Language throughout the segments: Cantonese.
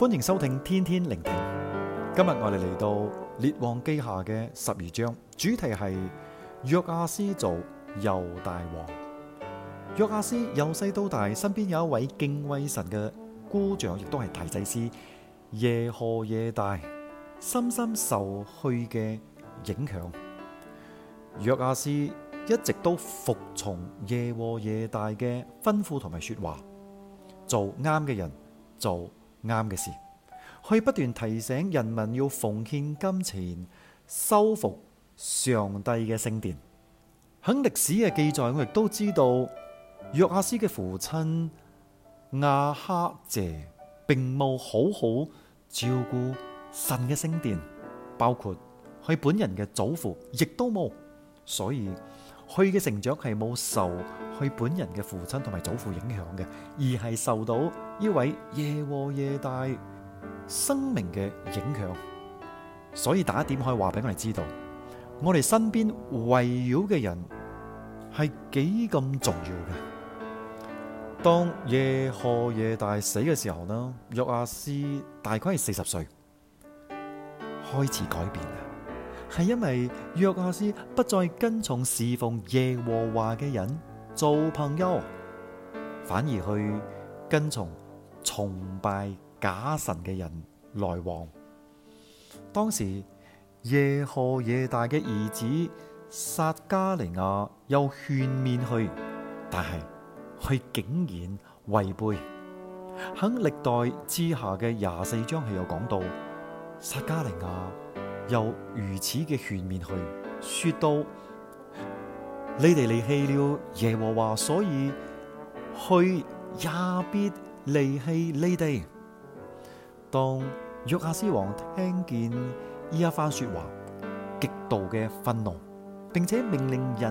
歡迎收聽天天靈聽。今日我哋嚟到《列王記下》嘅十二章，主題係約阿施做猶大王。約阿施由細到大，身邊有一位敬畏神嘅姑丈，亦都係大祭司耶何耶大，深深受去嘅影響。約阿施一直都服從耶何耶大嘅吩咐同埋說話，做啱嘅人做。啱嘅事，去不斷提醒人民要奉獻金錢，修復上帝嘅聖殿。喺歷史嘅記載，我亦都知道，約阿施嘅父親亞哈謝並冇好好照顧神嘅聖殿，包括佢本人嘅祖父亦都冇，所以佢嘅成長係冇受。佢本人嘅父親同埋祖父影響嘅，而係受到呢位耶何耶大生命嘅影響。所以打點可以話俾我哋知道，我哋身邊圍繞嘅人係幾咁重要嘅。當耶何耶大死嘅時候呢，約阿施大概係四十歲開始改變啊，係因為約阿施不再跟從侍奉耶和華嘅人。做朋友，反而去跟從崇拜假神嘅人來往。當時耶何耶大嘅兒子撒迦利亞又勸勉去，但係佢竟然違背。喺歷代志下嘅廿四章係有講到，撒迦利亞又如此嘅勸勉去，說到。你哋離棄了耶和華，所以佢也必離棄你哋。當約阿斯王聽見呢一番說話，極度嘅憤怒，並且命令人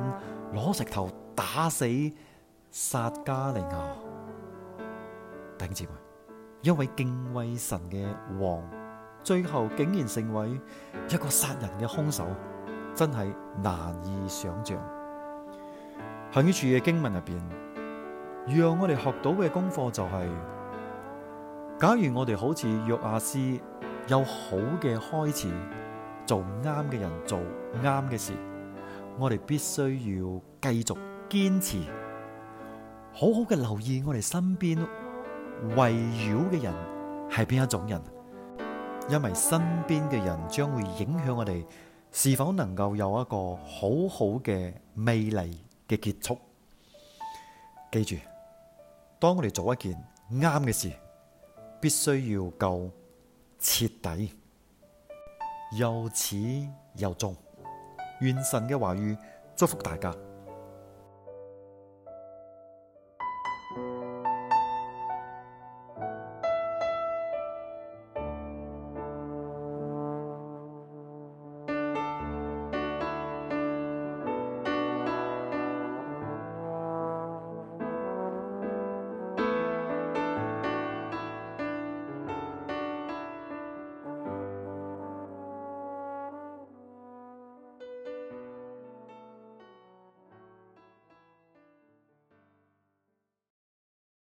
攞石頭打死撒迦利亞。弟兄姐妹，一位敬畏神嘅王，最後竟然成為一個殺人嘅凶手，真係難以想象。行於處嘅經文入邊，讓我哋學到嘅功課就係、是：假如我哋好似約阿施，有好嘅開始，做啱嘅人，做啱嘅事，我哋必須要繼續堅持，好好嘅留意我哋身邊圍繞嘅人係邊一種人，因為身邊嘅人將會影響我哋是否能夠有一個好好嘅魅力。嘅結束，記住，當我哋做一件啱嘅事，必須要夠徹底，有始有終。願神嘅話語祝福大家。